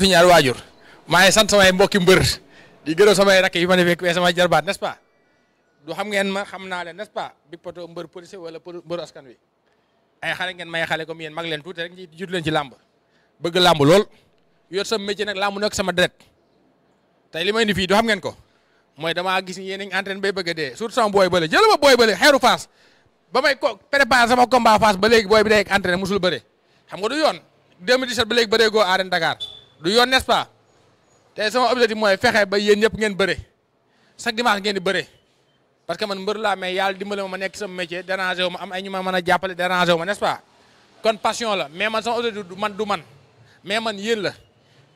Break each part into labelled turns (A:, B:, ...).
A: suñu ñaar waajur maa ngi sant samay yi ma ne fekk mais samay jarbaat n'est-ce pas du xam ngeen ma xam naa leen n'est-ce pas Big Pato mbër policier wala mbër askan wi ay xale ngeen may xale li may indi fii du xam ngeen ko mooy damaa gis ni yéen a ngi entraîné bay bëgg a dee surtout sama booy bële jël ma booy bële xeeru faas ba may ko préparé sama combat faas ba léegi booy bi day entraîné musul bëre xam nga du yoon 2017 ba léegi bëree goo arène Dakar du yoon n'est-ce pas tey sama objectif mooy fexe ba yéen yëpp ngeen bëre chaque dimanche ngeen di bëre parce que man mbër laa mais yàlla dimbale ma ma nekk sama métier déranger wu ma am ma mën a jàppale déranger wu ma nest la mais man sama du man du man mais man yéen la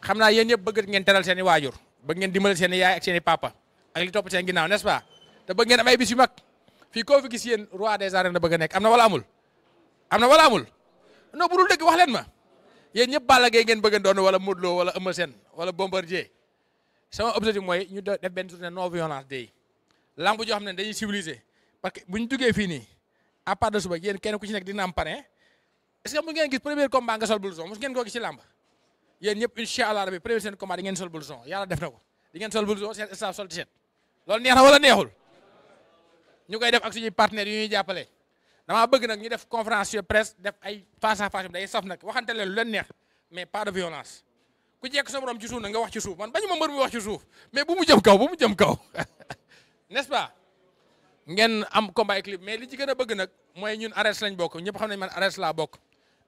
A: xam naa yéen ñëpp bëgg ngeen teral seen i waajur bëgg ngeen dimbale seen yaay ak seen i papa ak li topp seen ginnaaw n'est-ce pas te bëgg ngeen am ay bis yu mag fii koo fi gis yéen roi des arènes na bëgg nekk am na walaamul amul am na wala amul non bu dul dëgg wax leen ma yéen ñëpp Balla Gaye ngeen bëgg a doon wala Modou Lo wala Bombardier sama objectif mooy ñu def benn journée non violence day lamb joo xam ne dañuy civiliser parce que bu ñu duggee fii nii à part de suba yéen kenn ku ci nekk dina am parrain est-ce que mu ngeen gis premier combat nga sol blouson mos ngeen koo gis ci lamb yéen ñëpp incha allah rabi premier seen combat di ngeen sol blouson yàlla def na di ngeen sol blouson seen staff sol t-shirt loolu neex na wala ñu koy def ak suñuy partenaires yu ñuy jàppale dama bëgg nag ñu def conférence de presse def ay face à face day saf nag waxante lu leen mais pas de violence ku jekk sa ci suuf nag nga wax ci suuf man bañu ma mbër mi wax ci suuf mais bu mu jëm kaw bu ce pas ngeen am combat clip mais li ci gën a bëgg nag mooy ñun arrêt lañ bokk ñëpp xam nañ bokk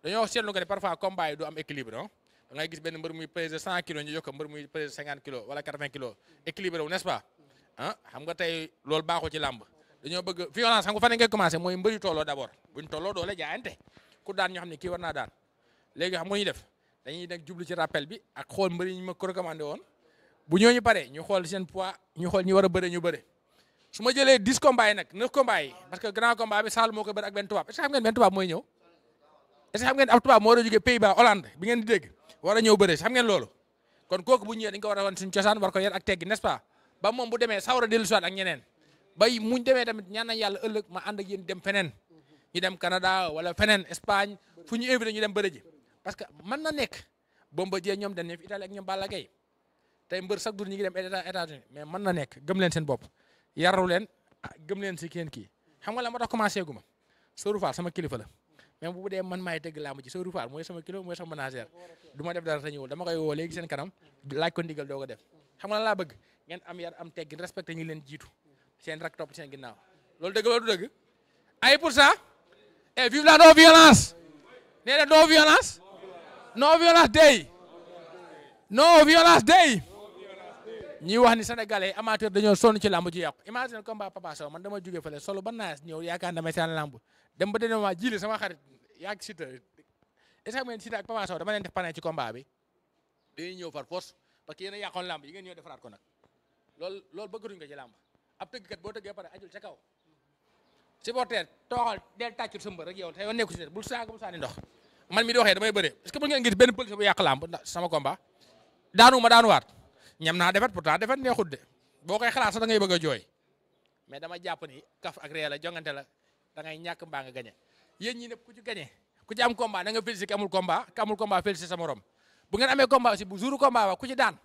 A: dañoo seetlu nga ne parfois combat du am équilibre ah da ngay gis benn mbër muy pesé 100 kilos ñu yokk mbër muy pesé 50 k wala 80 kilos équilibre ah, xam nga tey loolu baaxoo ci làmb dañoo bëgg violence xam nga fan ngay commencé mooy mbëri tolloo d'abord buñ tolloo doole ñu ma ko recommandé woon xool ñu xool a bëre ñu bëre su ma jëlee dix combats yi nag neuf combats yi parce que bi ngeen benn tubaab mooy ñëw est-ce xam ngeen a jógee Pays-Bas Hollande loolu kon kooku bu ñëwee dañ ko war wan suñu cosaan war ko yar ak teggi nest pas ba moom bu demee sawar a ak ñeneen bay muñ demee tamit ñaan nañ yàlla ëllëg ma ànd ak yéen dem feneen ñu dem Canada wala feneen Espagne fu ñu invité ñu dem bëre parce que mën na nekk Bombardier ñoom dañ ne ñoom Balla Gaye tey mbër chaque jour ñu dem États-Unis mais mën nekk gëm seen bopp yaru leen ah, gëm si kenn kii xam nga la ma tax commencé gu ma Sëru Faal sama kilifa la bu dee man maay tëgg làmb ji Sëru Faal mooy sama sama manager du ma def dara te ñëwul def xam nga ñu leen jiitu seen rak topp seen ginnaaw loolu dëgg loolu dëgg ay pour ça et eh, vive la non violence nee na non violence non violence day non violence wax ni sénégalais amateur dañoo sonn ci làmb ji yàqu imagine combat Papa Sow man dama jóge fële solo ba naas ñëw yaakaar damay seen làmb dem ba dene waa jili sama xarit yaag Siteu est-ce que ngeen ak Papa Sow dama leen def ci combat bi dañuy ñëw far force parce que yéen a yàqoon làmb yi ngeen ñëw defaraat ko nag loolu loolu bëggatuñ ko ci làmb ab tëggkat boo tëggee pare ajul ca kaw supporter tooxal del tàccut sa mbër rek yow te yow nekku si ne bul saagum saani ndox man mi di waxee damay bëree est-ce que bu ngeen gis benn police bu yàq làmb sama combat daanu ma daanuwaat ñam naa defet pourtant defet neexut de boo koy xalaat sax da ngay bëgg a jooy mais dama jàpp ni kaf ak réel la jongante la da ngay ñàkk mbaa nga gañe yéen ñi ñëpp ku ci gañe ku ci am combat na nga félicité ki amul combat ki amul combat félicité sa morom bu ngeen amee combat aussi bu jour combat wa ku ci daan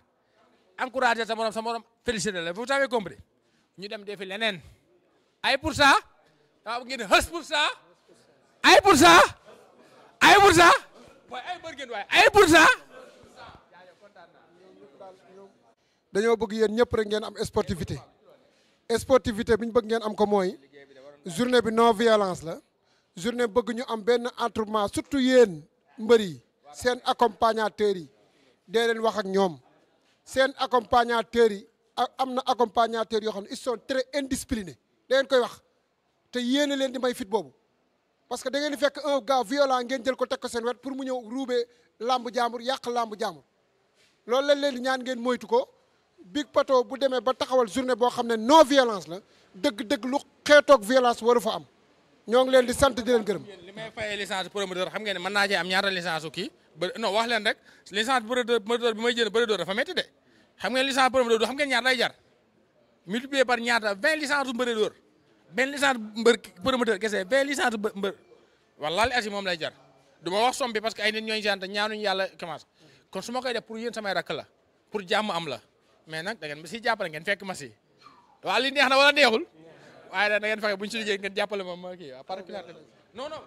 A: encouragé sa morom sa morom félicité la vous avez compris ñu dem defi leneen ay pour ça waaw ngeen xës pour ay pour ça ay pour ça waaye ay
B: ay pour ça dañoo bëgg yéen ñëpp rek ngeen am sportivité sportivité bi ñu bëgg ngeen am ko mooy journée bi non violence la journée bëgg ñu am benn entourement surtout yéen mbër yi seen accompagnateurs yi dee leen wax ak ñoom seen accompagnateurs yi am na accompagnateurs yoo xam ne ils sont très indisciplinés da ngeen koy wax te yéene leen di may fit boobu parce que da ngeen di fekk un gars ngeen jël ko teg ko seen wet pour mu ñëw ruubee làmb jaamur yàq làmb jaamur loolu lañ leen di ñaan ngeen moytu ko Big Pato bu demee ba taxawal journée boo xam ne non violence la dëgg-dëgg lu xeetoog violence waru fa am ñoo leen di sant di gërëm.
A: li may fayee licence promoteur xam ngeen ne mën am ñaata xam ngeen licence promoteur du xam ngeen ñaar lay jar multiplié par ñaata vingt licence su mbëre dóor benn licence mbër promoteur kese vingt licence mbër wallaahi li asi moom lay jar du wax sombi parce que ay nit ñooñu sante ñaanuñu yàlla commencé kon su ma koy def pour yéen samay rakk la pour jàmm am la mais nag da ma si jàppale ngeen fekk ma si waa li neex na wala neexul waaye da ngeen fexe bu ñu si liggéey ngeen jàppale ma ma kii waa particulier non non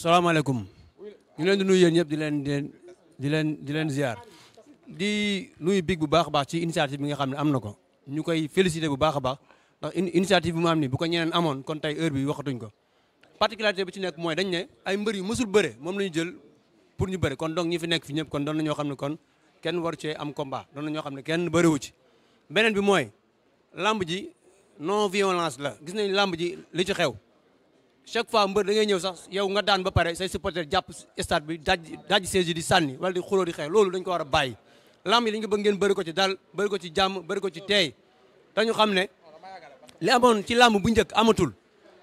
C: salaamaaleykum ñu leen di nuyu yéen ñëpp di leen di leen di leen di nuyu big bu baax baax ci initiative bi nga xam ne am na ko ñu koy félicité bu baax a baax ndax initiative bu mu am ni bu ko ñeneen amoon kon tey heure bi waxatuñ ko particularité bi ci nekk mooy dañ ne ay mbër yu mësul bëre moom la ñu jël pour ñu bëre kon donc ñi fi nekk fi ñëpp kon doon na ñoo xam ne kon kenn waru cee am combat doon na ñoo xam ne kenn bëriwu ci beneen bi mooy lamb ji non violence la gis nañ lamb ji li ci xew chaque fois mbër da ngay ñëw sax yow nga daan ba pare say supporter jàpp stade bi daj daj siège di sànni wala di xuloo di xeex loolu dañ ko war a bàyyi lamb yi dañ ko bëgg ngeen bëri ko ci dal bëri ko ci jàmm bëri ko ci teey dañu xam ne li ci lamb bu njëkk amatul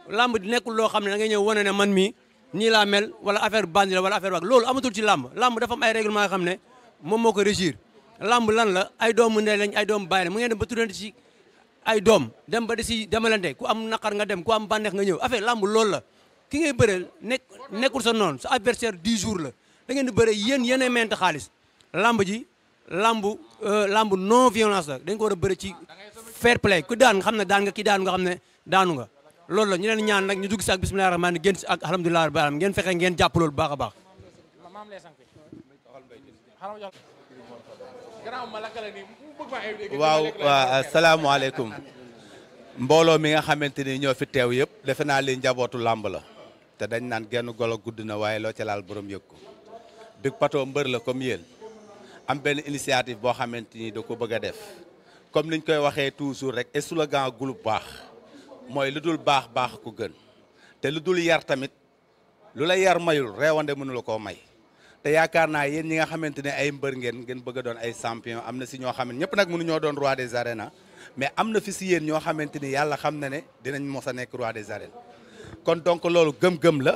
C: lamb di nekkul loo xam ne da ngay ñëw wane ne man mii nii laa mel wala affaire bandi la wala affaire waag loolu amatul ci lamb lamb dafam ay règlement yoo xam ne moom moo ko régir lamb lan la ay doomu ndey lañ ay doomu baay la mu ngeen dem ba tuddante ci ay doom dem ba di si demalante ku am naqar nga dem ku am bànneex nga ñëw affaire làmb loolu la ki ngay bëreel nekk nekkul sa noonu sa adversaire 10 jours la da ngeen di bëre yéen yéenay ment xaalis làmb ji làmb euh, làmb non violence la dañ ko war a bëre ci fair play ku daan nga xam ne daan nga ki daan nga xam ne daanu nga loolu la ñu leen ñaan nag ñu dugg si ak bismillahi rahmaani génn si ak alhamdulillahi rabbil alamin ngeen fexe ngeen jàpp loolu bu baax a baax
A: ganaaw waaw waaw salaamaaleykum
D: mbooloo mi nga xamante ni ñoo fi teew yëpp defe naa li njabootu làmb la te dañ naan genn golo gudd na waaye loo ca laal borom yëg ko Big Pato mbër la comme yéen am benn initiative boo xamante ni da ko bëgg a def comme niñ koy waxee toujours rek et slogan groupe baax mooy lu dul baax baax ku gën te lu dul yar tamit lu la yar mayul reewande mënu koo may te yaakaar naa yéen ñi nga xamante ne ay mbër ngeen ngeen bëgg doon ay champion am na si ñoo xam ne ñëpp nag mënu ñoo doon roi des arènes mais am na fi si yéen ñoo xamante ni yàlla xam na ne dinañ mos a nekk roi des arènes kon donc loolu gëm-gëm la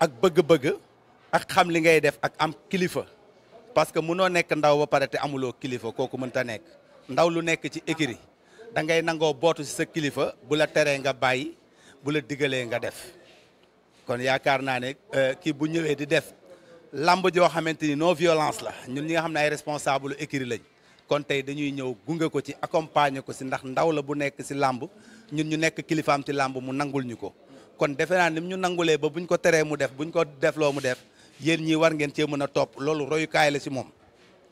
D: ak bëgg-bëgg ak xam li ngay def ak am kilifa parce que munoo nekk ndaw ba pare te amuloo kilifa kooku mënta nekk ndaw lu nekk ci écurie da ngay nangoo bootu si sa kilifa bu la teree nga bàyyi bu la digalee nga def kon yaakaar naa ne euh, kii bu ñëwee di def làmb joo xamante ni non violence la ñun ñi nga xam ne ay responsable écurie lañ kon tey dañuy ñëw gunge ko ci accompagner ko si ndax ndaw la bu nekk si làmb ñun ñu nekk kilifaam ci làmb mu nangul ñu ko kon defe naa ni mu ñu nangulee ba buñ ko teree mu def buñ ko defloo mu def yéen ñii war ngeen cee mën a topp loolu royukaay la si moom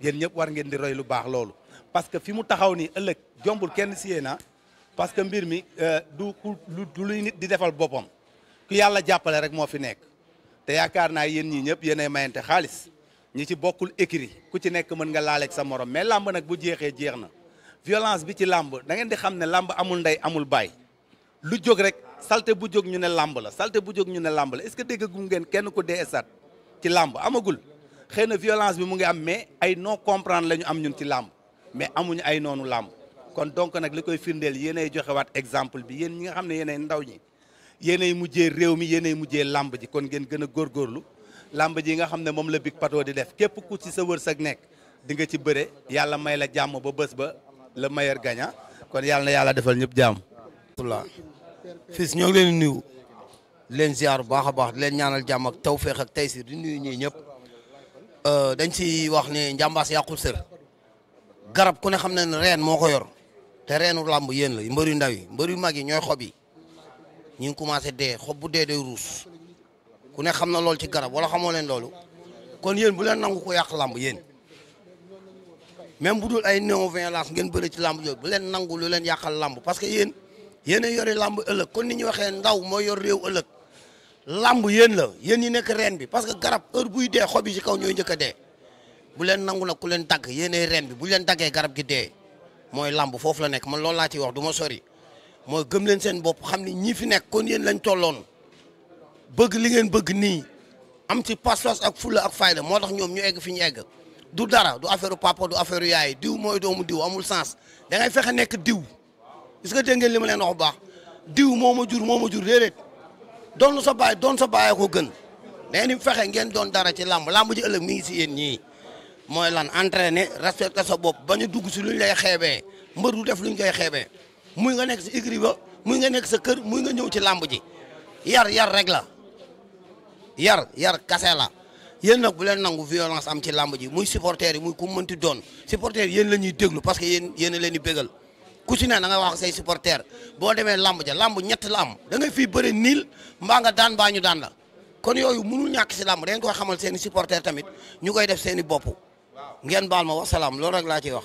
D: yéen ñëpp war ngeen di roy lu baax loolu parce que fi mu taxaw nii ëllëg jombul kenn si yéen parce que mbir mi euh, du lu luy di defal boppam yàlla jàppale rek moo fi nekk te yaakaar naa yéen ñii ñëpp yenee mayante xaalis ñi ci bokkul écrit ku ci nekk mën nga laaleeg sa morom mais làmb nag bu jeexee jeex na violence bi ci làmb da ngeen di xam ne làmb amul ndey amul baay lu jóg rek salte bu jóg ñu ne làmb la salte bu jóg ñu ne làmb la est-ce que déggagum ngeen kenn ku dee esat ci làmb amagul xëy na violence bi mu ngi am mais ay non comprendre lañu am ñun ci làmb mais amuñ ay noonu làmb kon donc nag li koy firndeel yéenay joxewaat exemple bi yéen ñi nga xam ne yéenay ndaw ñi yéenay mujjee réew mi yéenay mujjee làmb ji kon ngeen gën a góor góorgóorlu làmb ji nga xam ne moom la Big Pato di def képp ku ci sa wër wërsëg nekk di nga ci bëre yàlla may la jàmm ba bës ba
E: la meilleur gaña kon yàlla yàlla defal ñëpp jàmm. alhamdulilah fils ñoo ngi leen nuyu leen ziar bu baax a baax di leen ñaanal jàmm ak tawféex ak taysir di nuyu ñii ñëpp euh, dañ ci wax ne njàmbaas yàqul sër garab ku ne xam na ne reen moo ko yor te reenu làmb yéen la mbër yu ndaw yi mbër yu mag yi ñooy xob yi ñu ngi commencé dee xob bu dee day ruus ku ne xam na loolu ci garab wala xamoo leen loolu kon yéen bu leen nangu ko yàq làmb yéen même bu dul ay néo violence ngeen bëri ci làmb yooyu bu leen nangu lu leen yàqal làmb parce que yéen yéen làmb ëllëg kon ni ñu waxee ndaw mooy yor réew ëllëg làmb yéen la yen ñi nekk reen bi parce que garab heure buy dee xob yi ci kaw ñooy njëkk a dee bu leen nangu nag ku leen dagg yéenay reen bi bu leen daggee garab gi dee mooy làmb foofu la nekk ma loolu laa ciy wax du ma sori mooy gëm leen seen bopp xam ni ñi fi nekk kon yéen lañ tolloon bëgg li ngeen bëgg nii am ci pas-pas ak fulla ak fayda moo tax ñoom ñu egg fi ñu egg du dara du affaire papa du affaire yaay diw mooy doom diw amul sans da fexe nekk diw est-ce que dégg ngeen li ma leen wax bu baax diw moo ma jur moo ma jur doon sa baay doon sa baay ko gën da ngeen fexe ngeen doon dara ci làmb lam ji ëllëg mi ngi si yéen ñii mooy lan entraîner respecter sa bopp bañ a dugg si luñ lay xeebee mbër du def luñ koy xeebee. muy nga nekk si muy nga nekk sa kër muy nga ñëw ci làmb ji yar yar rek la yar yar kase la yéen nag bu leen nangu violence am ci làmb ji muy supporters yi muy ku mënti doon supporters yéen la ñuy déglu parce que yen yéen leen di bégal ku si ne na nga wax say supporters boo demee làmb ja làmb ñett la am da ngay fii bëri niil mbaa nga daan baa ñu daan la kon yooyu mënul ñàkk si làmb da ngeen xamal seeni i tamit ñu koy def seeni i bopp ngeen baal ma wasalaam loolu rek laa ciy wax.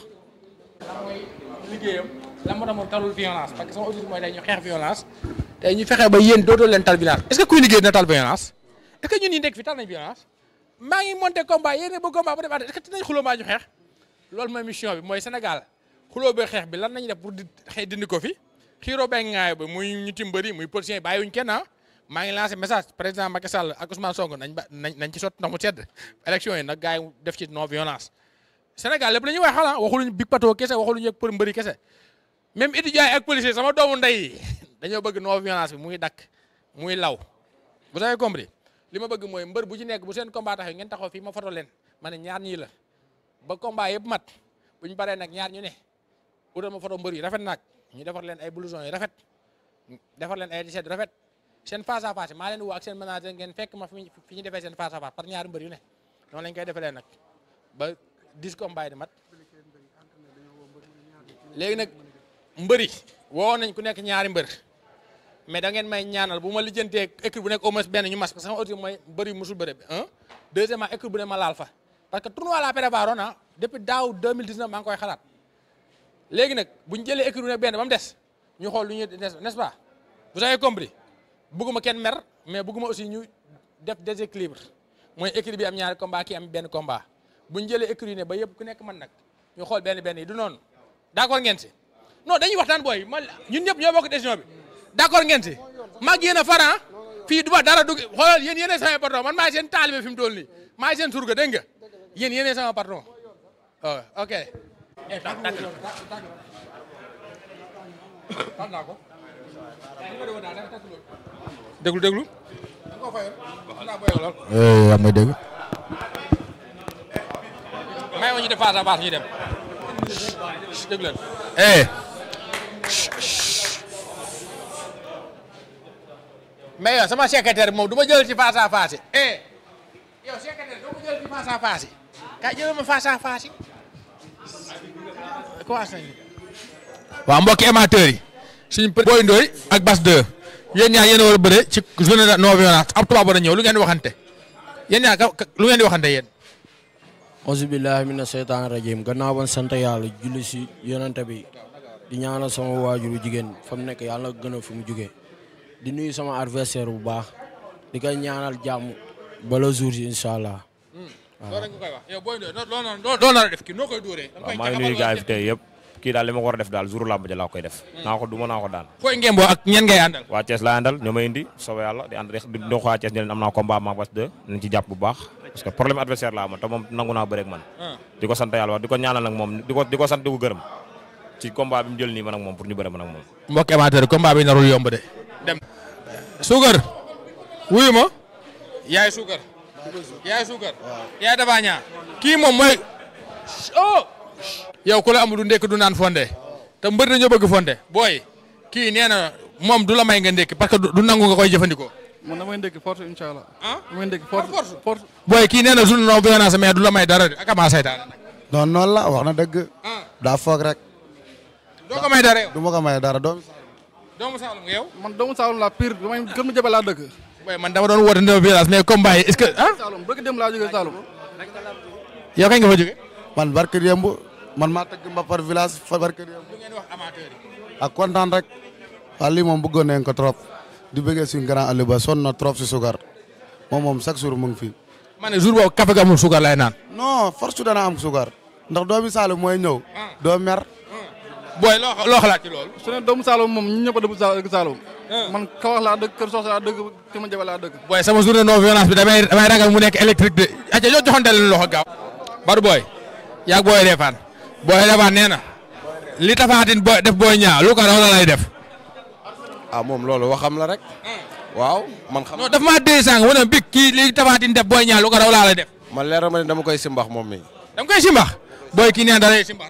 A: la moo moom talul violence parce que sama objectif mooy day xeex violence tey ñu fexe ba yéen dootoo leen tal violence est ce que kuy liggéey dina tal violence maa ngi monté combat yéen ba combat ba def est ce que dinañ xuloo maa ñu xeex loolu mooy mission bi mooy Sénégal xuloo ba xeex bi lan nañ def pour di xëy dindi ko fi xiiroo ba ngaayo ba muy ñu timbari muy policier bàyyiwuñ kenn ah maa ngi lancé message président Macky Sall ak Ousmane Sonko nañ ba nañ nañ ci sotti ndox mu sedd élection yi nag gars yi def ci non violence Sénégal lépp même étudiants yi ak policiers sama doomu ndey dañoo bëgg non violence bi muy dakk muy law bu avez compris li ma bëgg mooy mbër bu ci nekk bu seen combat yi ngeen taxaw fii ma foto leen ma ne ñaar ñii la ba combat yëpp mat bu ñu paree nag ñaar ñu ne utal ma foto mbër yi rafet naag ñu defar leen ay blouson yi rafet defar leen ay t-shirt rafet seen face à maa leen woo ak seen manager ngeen fekk ma fi ñu defee seen face à face par ñaari mbër yu ne noonu lañ koy defee nag ba 10 combat yi di mat léegi nag. mbëri woo nañ ku nekk ñaari mbër mais da ngeen may ñaanal bu ma lijjantee équipe bu nekk au moins benn ñu mas parce que sama objectif mooy bëri musul bëre bi un deuxièmement équipe ne ma laal fa parce que tournoi la préparé woon na depuis daaw 2019 maa ngi koy xalaat léegi nag bu ñu jëlee équipe benn ba mu des ñu xool lu ñuy n'est-ce pas vous avez compris bëgguma kenn mer mais bëgguma aussi ñu def déséquilibre mooy équipe bi am ñaari combat kii am benn combat bu ñu jëlee équipe ba yëpp ku nekk man nag ñu xool benn benn yi du noonu d'accord ngeen si non dañuy waxtaan booy man ñun ñëpp ñoo bokk décision bi d'accord ngeen si mag yéen a faran ah. fii du dara dugg xoolal yéen yéenee man maay seen taalibe fi mu toll nii seen surga dégg nga yéen yéenee oh, ok. Eh, déglu déglu.
E: yaa eh, may dégg.
A: may ma ñu def face à face ñu dem déglu mais sama secrétaire bi moom du ma jël ci face à face eh yow secrétaire jël ci face à kay jëlal ma face à face mbokki amateurs yi suñu Boy Ndoye ak Bass 2 yéen ñaar yéen a war bëre ci journée de non ab tubaab a ñëw lu ngeen waxante yéen lu ngeen di waxante yéen
B: auzu billahi mina seytaan rajim gannaaw ban sant yàlla julli si yonente bi di ñaanal sama waajuru jigéen fa mu nekk yàlla gën a fi mu jugee di nuyu sama adversaire bu baax di koy ñaanal jàmm ba le jour ji incha allah. waaw hmm. loolu koy wax yow
A: booy doon def kii noo
B: nuyu gars yi fi tey kii daal li ma a def daal jour làmb ja def. Hmm. naa ko duma naa ko daan.
A: koy ngeen boo ak ñen
B: ngay àndal. indi soobee di ànd rek di dox waa Thiès ne leen am naa combat maag bu baax. parce problème adversaire laa amoon te moom nangu naa bëre man. Hmm. di ko sant yàlla wax ñaanal nag moom di ko di gërëm ci combat bi mu
A: jël dem. suukar. wuyu ma.
B: yaay suukar. yaay suukar. yaay dafaa
A: ñaar. kii moom mooy. oh. yow ku la du ndekki du naan fonde te mbër dañoo bëgg fonde booy kii nee na moom du la may nga ndekki parce que du nangu nga koy jëfandikoo. man damay ndekki force incha allah. ah damay ndekki force force. booy kii nee na suñu non violence mais du la may dara de ak amaa saytaan. non na dëgg. Ah. daa foog rek. doo ko may dara
D: du ma ko may dara
A: doomu Saalum yow. man doomu Saalum la pire damay gën mu jëbe laa dëkk. man dama doon woote Ndeo village mais comme Mbaye laa jógee Saalum.
D: yow kañ nga fa jógee. man barke démb man maa tëgg Mbapare village fa barke démb. lu ngeen ah, kontaan rek. waaw ah, moom bëggoon nañ ko trop. di bëggee suñu grand Aliou Ba trop si sugar moom moom chaque jour mu ngi fi.
A: ma ne jour boobu café ga amul lay naan.
D: non force dana am sugar. doomi Saalum mooy ñëw. Ah. doo mer.
A: booy loo loo xalaat ci lool su ne doomu Saloum moom ñun ñëpp a dëgg Saloum. Ah. man Kaolack laa dëkk Kër Sox laa dëkk Kër Madiabel laa dëkk. booy sama journée non violence bi damay damay ragal mu nekk électrique de. ayca yoo joxante leen loxo gaaw. Badou Boye. yaa ngi booy Réfane. booy Réfane nee li tafaatin def booy ñaa lu ko raw lay def.
B: ah moom loolu waxam la rek.
A: Ah. xam. non daf maa dee sànq mu ne big kii li tafaatin def booy ñaa lu ko raw laa lay def. man leer na ma
C: ne
E: dama koy simbax moom mi. dama koy booy kii nee na da lay simbax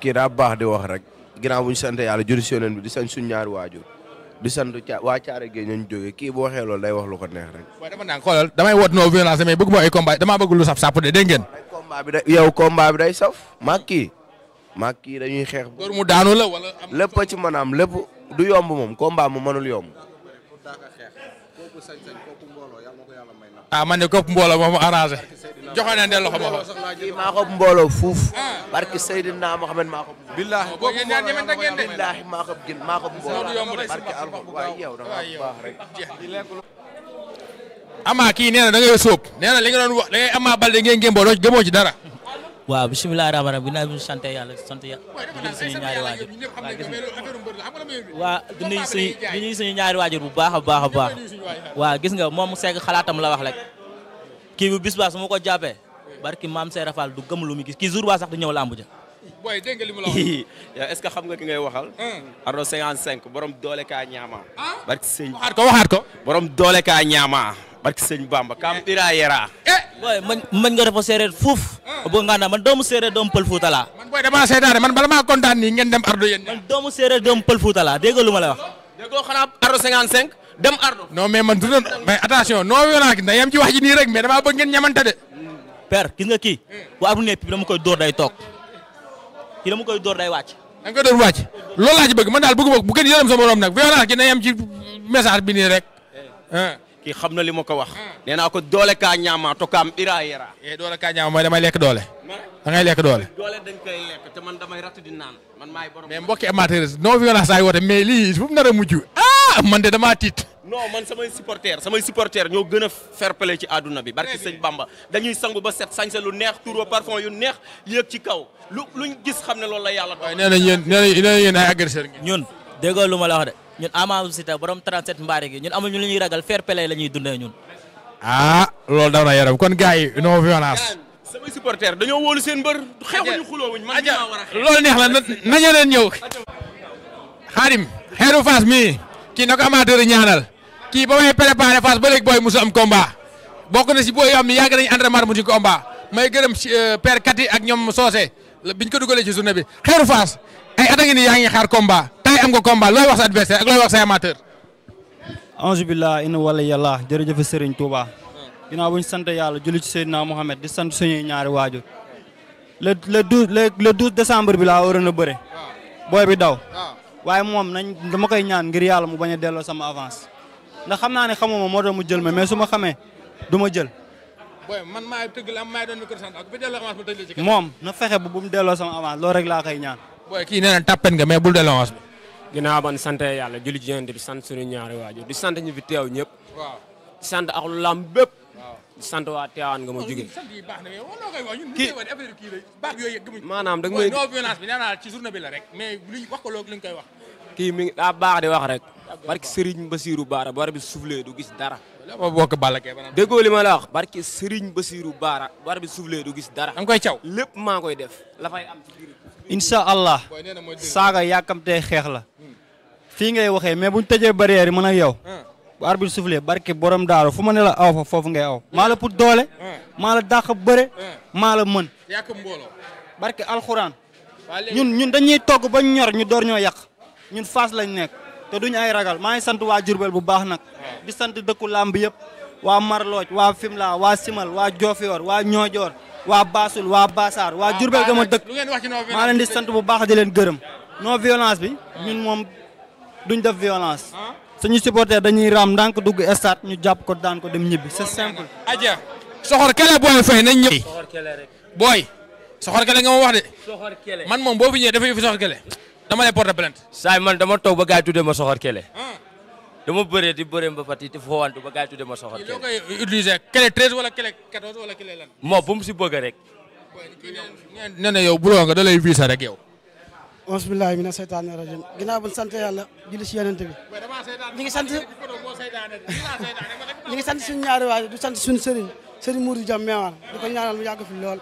E: kii daa baax di wax rek ginnaaw bu ñu sant yàlla jur si yoneen bi di sant suñu ñaar waajur di sant caa waa Caare Gueye ñu jógee kii boo waxee loolu day wax lu ko rek. waaye
A: dama naan xoolal damay woote non violence mais bëgg ma ay combat damaa bëgg lu saf sàpp de
E: dégg ngeen. combat bi day yow day saf maa kii maa kii dañuy xeex. door mu daanu la wala. lépp ci maanaam lépp du yomb moom combat mu mënul yomb. ah man de kopp mbooloo moo ma arrangé.
B: joxe na ndel loxo ma ko.
E: kii maa ko mbooloo fuuf. barki Seydina Mohamed maa ko. billaahi boo ngeen barki alxuraan
B: waaye yow da nga baax rek. Ama kii nee da ngay sóob nee na li nga wax da ngay Ama Baldé ngeen gëmboo doo ci dara. waaw bisimilah rahmaani rahiim ginnaaw bi ñu sante yàlla sant yàlla di nuyu suñu ñaari ñaari waajur bu baax a baax a baax waaw gis nga moom Seck xalaatam la wax rek kii bi bis baa ko jàppee barki maam Seyra Fall du mu gis kii jour sax du ñëw làmb
A: booy dégg nga li mu la wax.
B: est-ce que xam nga ki ngay waxal. Ardo 55 borom doole kaa ñaama. Ah? barki sëñ waxaat ko waxaat ko. borom doole Bamba kam eh. ira yera. Eh. booy man nga dafa séeréer fuuf. bëgg ngaa naan man doomu séeréer doomu pël Fuuta laa. man booy damaa seetaan man bala maa kontaan nii ngeen dem Ardo yéen. man doomu séeréer doomu pël Fuuta laa nga lu ma la wax. dam ardo non mais man du doon mais na yem ci wax ji nii rek mais damaa bëgg ngeen dama koy dóor day toog kii dama koy dóor day wàcc. da nga koy dóor wàcc loolu laa ci bëgg man daal bëgg bëgg na yem ci message bi xam na li ma ko wax. nee naa ko doole kaa ñaama to kaam ira yera. Eh, doole kaa ñaama
A: mooy damay lekk doole.
B: da ngay lekk doole. doole dañ koy lekk te man damay ratu di naan man maay
A: borom. mais lii fu mu nar a ah man de damaa tiit.
B: non man samay supporter samay supporter ñoo gën a fair play ci àdduna bi barki sëñ Bamba dañuy sangu ba set sañse lu neex tuuro parfum yu neex yéeg ci kaw lu gis xam ne loolu la yàlla. waaye nee ñun déggoo lu ma la wax de ñun Ama Siteu borom 37 mbaari gi ñun lu ñuy ragal fair play la ñuy dundee ñun.
A: ah loolu daw na yaram kon gars yi non violence.
B: samay supporter dañoo wóolu seen mbër. xeexuñu xuloowuñ man mii maa war a neex
A: la nañu ñëw. xaarim xeeru Fass kii na ko amateur ñaanal kii ba may préparé face ba léegi booy musu am combat bokk na si booy yoo xam ne yàgg nañu mu ci combat may gërëm euh, père Kati ak ñoom Socé biñ ko dugalee ci journée bi xeeru face ay at a ngi nii yaa ngi xaar combat tay am nga combat looy wax sa adversaire ak looy wax sa amateur.
F: ange billah inna wala yàlla jërëjëf Serigne Touba. ginnaaw bu ñu sant yàlla julli ci Seydina Mohamed di sant suñuy ñaari waajur. le le douze le a waaye moom nañ dama koy ñaan ngir yàlla mu bañ a delloo sama avance ndax xam naa ne ma moo doon mu jël ma mais su ma xamee du ma jël.
A: booy man maay tëgg la maay doon micro centre ak bu
B: avance
A: moom
F: na fexe bu bu mu delloo sama avance loolu rek laa koy ñaan. booy kii nee na tàppen
A: nga mais bul delloo avance bi.
B: ginnaaw man sant yàlla julli jiyante di sant suñu ñaari waajur di sant ñu fi teew ñëpp. waaw sant ak lu lamb sant waa Tivaouane nga ma jógee.
A: kii
B: maanaam da nga may. non
A: bi nee naa bi la rek mais li wax li ñu koy wax.
B: kii mi daa baax di wax rek. barki Serigne Bassirou Bara war bi soufflé du gis dara. déggoo li ma la wax. barki Serigne Bassirou Bara war bi soufflé du gis dara. da koy caw lépp maa koy def. la fay am ci biir.
F: incha allah saaga yàkkamtee xeex la. fii ngay waxee mais buñ tëjee barrière yi mën a bu arbitre soufflé barke borom daaru fu ma ne la aw fa foofu ngay aw maa la pour doole hmm. maa la dàq bëre hmm. maa la mën yàq mbooloo barke alxuraan ñun ñun dañuy togg bañ ñor ñu door ñoo yàq ñun faas lañ nekk te duñ ay ragal maa ngi sant waa Jurbel bu baax nag hmm. di sant dëkku làmb yëpp waa Marlooj waa Fimla waa Simal waa Jofior waa Ñoojoor waa Baasul waa Baasaar waa ah, Jurbel ga ma dëkk maa leen di sant bu baax di leen gërëm non violence bi ñun moom duñ def violence ah. suñu supporter dañuy raam ndànk dugg stade ñu jàpp ko daan ko dem ñibbi c'est simple. aja soxor kele booy fay nañ ñëw. soxor kele rek booy. soxor kele nga ma wax de.
B: soxor kele
A: man moom boo
F: fi ñëwee dafa yëfi soxor kele.
B: dama dama toog ba gaay tuddee ma soxor kele. dama bëree di bëree ba fàttali te foowantu ba gaay tuddee ma soxor kele. yow ngay utiliser kele 13 wala kele 14 wala kele moo bu mu si bëgg rek.
A: nee na yow bu nga da lay visa rek yow.
G: auzu billaahi mina seytaani rajiim ginnaaw bu ñu sant yàlla julli si yonent bi ñu ngi ngi sant suñu ñaari waay di sant suñu sëriñ sëriñ Mourou Diam Meewaan di ko ñaanal mu yàgg fi lool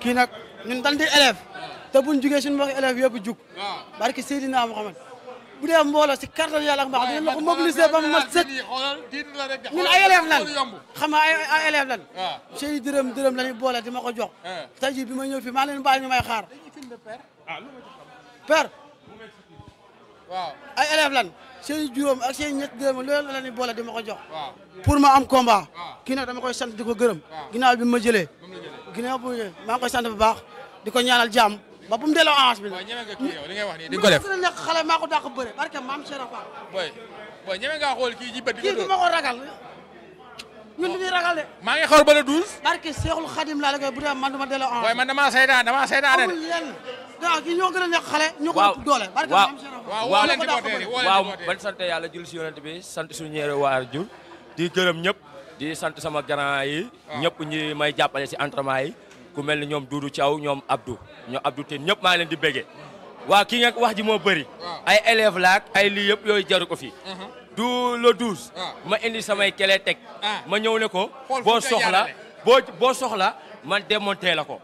G: kii nag ñun ta di élève te buñ jugee suñu mbokki élèves yëpp jug barki Seydina Muhammad bu dee mbooloo si kàttan yàlla ak mbaax dinañ la ko mobiliser ba mu mat sëkk
A: ñun ay élèves lan
G: xam nga ay ay lan seen i dërëm dërëm lañuy di ma ko jox eh. tey bi ma ñëw fii maa leen bàyyi ñu may xaar per waaw ay élève lan seen juróom ak seen ñett dërëm loolu la ni boole di ma ko jox pour ma am combat kii nag dama koy sant di ko gërëm ginnaaw bi ma jëlee ginnaaw bu maa ngi koy sant bu baax di ko ñaanal jàmm ba bu mu delloo avance bi nag di ko def nekk xale ko dàq bëre barke maam Cheikh Fall boy boy ñeme nga xool kii ji bët kii du ma ko ragal ñun du ragal de ngi xool ba le douze barke Cheikhul Khadim laa la koy ma delloo avance boy man ah kii ñoo a waaw waaw waaw waaw bañ
B: sant yàlla jul si yonent bi sant suñu ñeere waar jur di gërëm ñëpp di sant sama grand yi. ñëpp ñi may jàppale si entraînement yi. ku mel ni ñoom Doudou Thiaw ñoom Abdou ñoom Abdou te ñëpp maa leen di béggee. waaw kii nag wax ji moo bëri. ay élèves laak ay lii yëpp yooyu jaru ko fi. Uh-huh. du le douze. ma indi samay kelee teg. Ah. ma ñëw ne ko. boo soxla boo boo soxla man démonté la ko.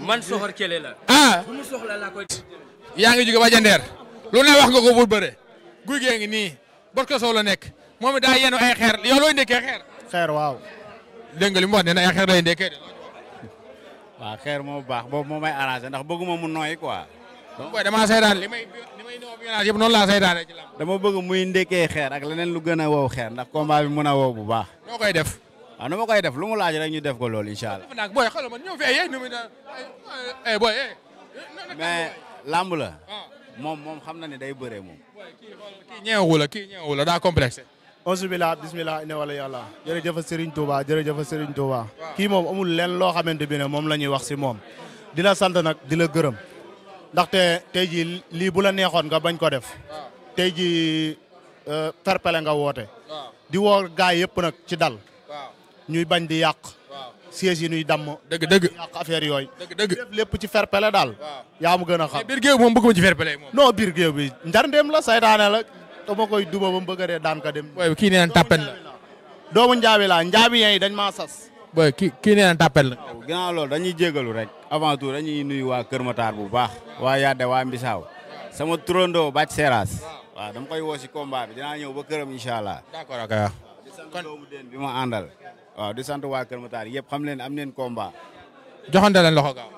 B: man soxor Kelle la.
A: ah yaa ngi jóge ba Jandeer lu ne wax nga ko bul guy gee ngi nii Borka Sow la nekk moom it daa yenu ay xeer yow looy ndekkee xeer. xeer waaw. dégg mu wax nee na ay xeer lay ndekkee de.
D: waaw xeer moo baax boobu moo may arrangé ndax bëgguma mu nooy quoi. donc booy damaa saytaan li may
A: li may noo laa saytaanee
D: ci lamb. dama bëgg mu ndekkee xeer ak leneen lu gën a wow xeer ndax combat bi mën a wow bu baax. noo koy def. waaw ah, nu ma koy def lu laaj rek ñu def ko loolu incha
A: allah. booy xoolal man ñëw fi ay eh, nu
D: eh, eh, ah. la. moom moom xam na ni day bëree moom. kii ñeewu la daa complexe. auzu billah bismillah inna wala yàlla jërëjëf Serigne Touba jërëjëf Serigne Touba. kii moom amul leen loo xamante bi ne moom la ñuy wax si moom. di la sant nag di la gërëm. ndaxte tey jii lii bu la neexoon nga bañ ko def. tey jii euh, ferpele nga woote. di woo gaay yëpp nag ci dal. ñuy bañ di yàq. siège yi ñuy damm. dëgg dëgg yàq affaire yooyu. dëgg lépp ci fair play daal. yaa mu gën a xam biir géew moom bëgguma ci fair play moom. non biir bi njarndeem la saytaane la te koy duba ba mu bëgg a dee daan ka kii nee na la doomu njaabi laa njaabi yi dañ maa sas.
A: booy kii kii nee la. waaw
D: ginnaaw dañuy jégalu rek avant dañuy nuyu waa Kër Matar bu baax waa Yadda waa Mbisaaw sama turandoo Bac Seras waaw dama koy woo si combat bi dinaa ñëw ba këram incha allah.
E: d'accord
D: bi ma àndal waaw di sant waa Kër Matar yëpp xam leen am neen combat.
C: joxante leen loxo gaaw.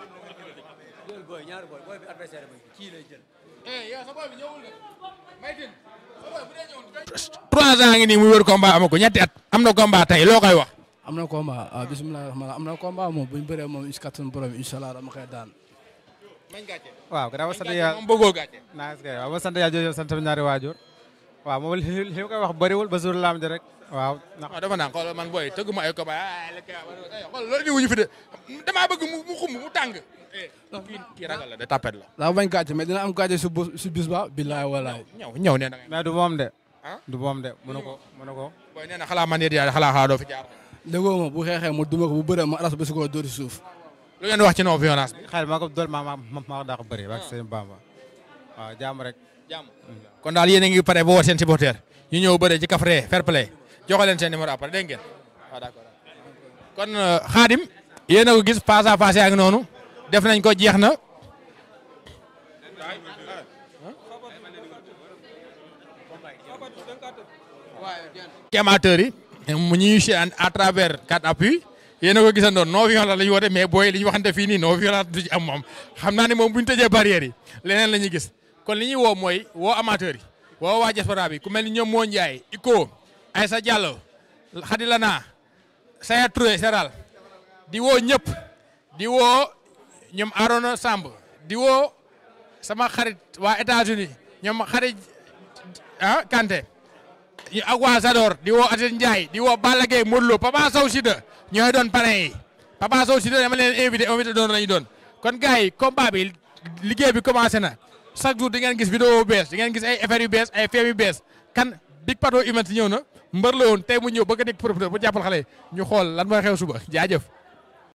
C: Eh,
A: trois ans ngi nii muy wër combat amu ko ñetti at am na combat tey loo koy wax. am na combat ah bisimilah rahmaani am na combat moom bu ñu bëree moom is kattan borom daan.
D: waaw moom bëggoo gàcce. naa
A: est waajur waaw moom li li wax bëriwul ba suur laam rek. waaw ndax dafa naan xoolal man booy tëggu ma ay ko ba ah, ay xoolal loolu ñu wuñu fi de damaa bëgg mu xumb mu tàng. Eh, la de tapet la. bañ gàcce mais dina am gàcce su su bis ba billaay walaay. ñëw ñëw na mais du moom de. Ah? du de mën na ko mën na ko. booy nee na xalaat man yéen xalaat xalaat doo fi jaar. déggoo ma bu xeexee ma duma bu bëree ma ba koo dóor si suuf. lu ngeen wax ci non violence bi. xel maa ko dool ma maa maa ko daa ko bëri. waaw sëñ rek. kon daal yéen a ngi pare boo war seen supporter ñu ñëw bëre ci kafre fair play joxe leen seen numéro après dégg ngeen ah, kon euh, Khadim yéen a ko gis face à yaa ngi noonu def nañ ko jeex na. ci amateurs yi mu ñuy si à travers quatre appuis yéen a ko gisandoon non violence la ñu woote mais booy li ñu waxante fii nii non violence du ci am xam naa ne moom bu ñu tëjee barrières yi leneen la ñuy gis kon li ñuy woo mooy woo amateurs yi woo waa bi ku mel ni ñoom moo Ndiaye Iko. Aïssa Diallo Khady Lana Saya Touré Séral di woo ñëpp di woo ñoom Arona Samb di woo sama xarit waa États-Unis ñoom xarit ah Kanté ak waa Sador di woo Aziz Ndiaye di woo Balla Gaye Modou Lo Papa Sow Siteu ñooy doon parrain yi Papa Sow Siteu dama leen invité invité doon lañu doon kon gars yi combat liggéey bi commencé na chaque jour di ngeen gis vidéo bu bees di ngeen gis ay affaires yu bees ay yu bees kan Big Pato Events ñëw na mbër la woon tey mu ñëw bëgg a nekk profiteur bu jàppal xale ñu xool lan ma xew suba jaajëf